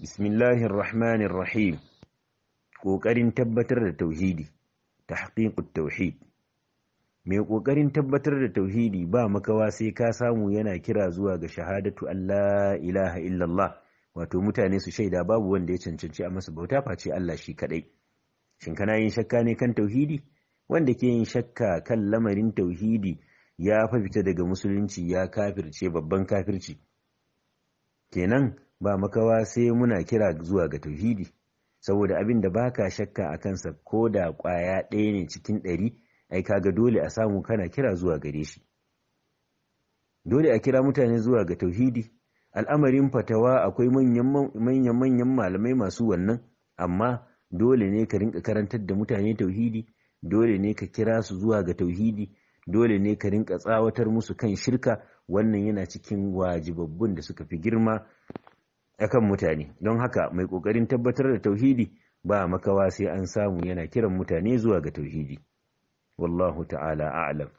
bismillahir rahmanir rahim ƙoƙarin tabbatar da tauhidi tahqiqut tauhid Me ƙoƙarin tabbatar da tauhidi ba makawa sai ka samu yana kira zuwa ga shahadatu Allah ilaha illallah wato mutane su shaida babu wanda ya cancanci a masa bauta face Allah shi kadai shin kana yin shakka ne kan tauhidi wanda ke yin shakka kan lamarin tauhidi ya fa fita daga musulunci ya kafirce babban kafirci kenan ba makawa sai muna kira zuwa ga tauhidi saboda abin da baka shakka a kansa ko da ƙwaya ɗaya ne cikin ɗari ai kaga dole a samu kana kira zuwa gare shi dole a kira mutane zuwa ga tauhidi al'amarin fatawa akwai manyan manyan malamai masu wannan amma dole ne ka rinka karantar da mutane tauhidi dole ne ka kira su zuwa ga tauhidi dole ne ka rinka tsawatar musu kan shirka wannan yana cikin wajibabbun da suka fi girma akan mutane don haka mai ƙoƙarin tabbatar da tauhidi ba makawa sai an samu yana kiran mutane zuwa ga tauhidi wallahu ta'ala a'lam